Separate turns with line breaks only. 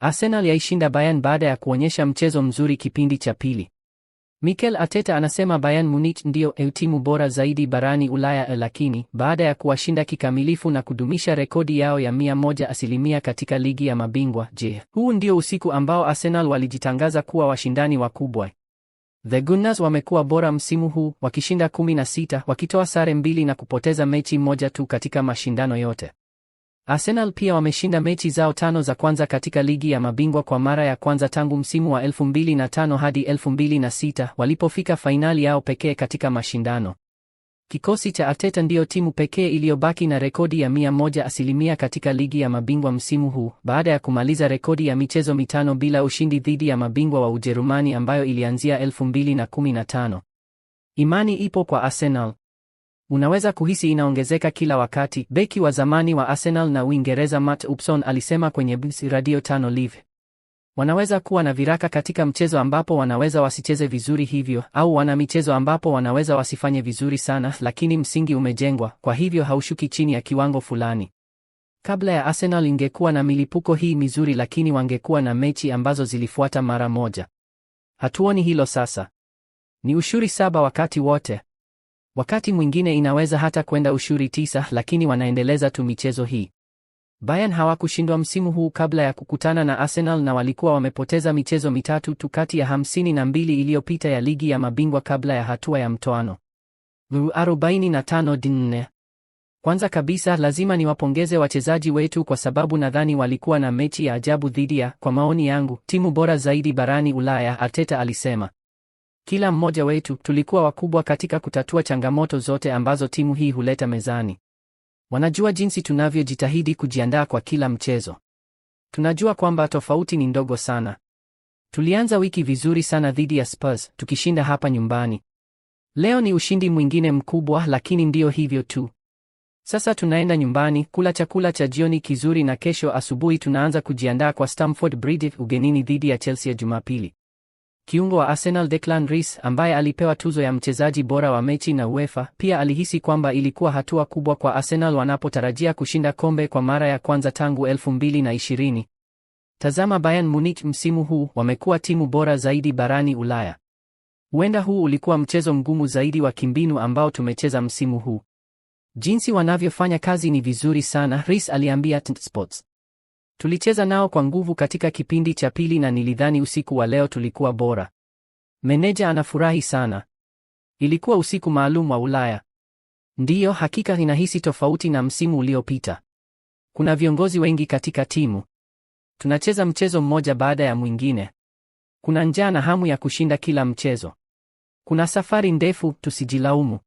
Arsenal yaishinda Bayern baada ya kuonyesha mchezo mzuri kipindi cha pili. Mikel Arteta anasema Bayern Munich ndiyo timu bora zaidi barani Ulaya, lakini baada ya kuwashinda kikamilifu na kudumisha rekodi yao ya mia asilimia katika ligi ya mabingwa, je, huu ndio usiku ambao Arsenal walijitangaza kuwa washindani wakubwa? The Gunners wamekuwa bora msimu huu wakishinda 16, wakitoa sare mbili na kupoteza mechi moja tu katika mashindano yote. Arsenal pia wameshinda mechi zao tano za kwanza katika ligi ya mabingwa kwa mara ya kwanza tangu msimu wa 2005 hadi 2006 walipofika fainali yao pekee katika mashindano. Kikosi cha Arteta ndiyo timu pekee iliyobaki na rekodi ya mia asilimia katika ligi ya mabingwa msimu huu baada ya kumaliza rekodi ya michezo mitano bila ushindi dhidi ya mabingwa wa Ujerumani ambayo ilianzia 2015. Imani ipo kwa Arsenal. Unaweza kuhisi inaongezeka kila wakati, beki wa zamani wa Arsenal na Uingereza Matt Upson alisema kwenye BBC Radio Tano Live. Wanaweza kuwa na viraka katika mchezo ambapo wanaweza wasicheze vizuri hivyo, au wana michezo ambapo wanaweza wasifanye vizuri sana, lakini msingi umejengwa, kwa hivyo haushuki chini ya kiwango fulani. Kabla ya Arsenal ingekuwa na milipuko hii mizuri, lakini wangekuwa na mechi ambazo zilifuata mara moja. Hatuoni hilo sasa. Ni ushuri saba wakati wote. Wakati mwingine inaweza hata kwenda ushuri tisa, lakini wanaendeleza tu michezo hii. Bayern hawakushindwa msimu huu kabla ya kukutana na Arsenal na walikuwa wamepoteza michezo mitatu tu kati ya hamsini na mbili iliyopita ya ligi ya mabingwa kabla ya hatua ya mtoano. dinne. Kwanza kabisa lazima niwapongeze wachezaji wetu kwa sababu nadhani walikuwa na mechi ya ajabu dhidi ya, kwa maoni yangu, timu bora zaidi barani Ulaya, Arteta alisema. Kila mmoja wetu tulikuwa wakubwa katika kutatua changamoto zote ambazo timu hii huleta mezani. Wanajua jinsi tunavyojitahidi kujiandaa kwa kila mchezo. Tunajua kwamba tofauti ni ndogo sana. Tulianza wiki vizuri sana dhidi ya Spurs, tukishinda hapa nyumbani. Leo ni ushindi mwingine mkubwa, lakini ndiyo hivyo tu. Sasa tunaenda nyumbani kula chakula cha jioni kizuri, na kesho asubuhi tunaanza kujiandaa kwa Stamford Bridge, ugenini dhidi ya Chelsea ya Jumapili. Kiungo wa Arsenal Declan Rice ambaye alipewa tuzo ya mchezaji bora wa mechi na UEFA pia alihisi kwamba ilikuwa hatua kubwa kwa Arsenal wanapotarajia kushinda kombe kwa mara ya kwanza tangu 2020. Tazama Bayern Munich msimu huu wamekuwa timu bora zaidi barani Ulaya. Huenda huu ulikuwa mchezo mgumu zaidi wa kimbinu ambao tumecheza msimu huu. Jinsi wanavyofanya kazi ni vizuri sana, Rice aliambia Tnt Sports. Tulicheza nao kwa nguvu katika kipindi cha pili na nilidhani usiku wa leo tulikuwa bora. Meneja anafurahi sana. Ilikuwa usiku maalum wa Ulaya. Ndiyo, hakika ninahisi tofauti na msimu uliopita. Kuna viongozi wengi katika timu. Tunacheza mchezo mmoja baada ya mwingine. Kuna njaa na hamu ya kushinda kila mchezo. Kuna safari ndefu, tusijilaumu.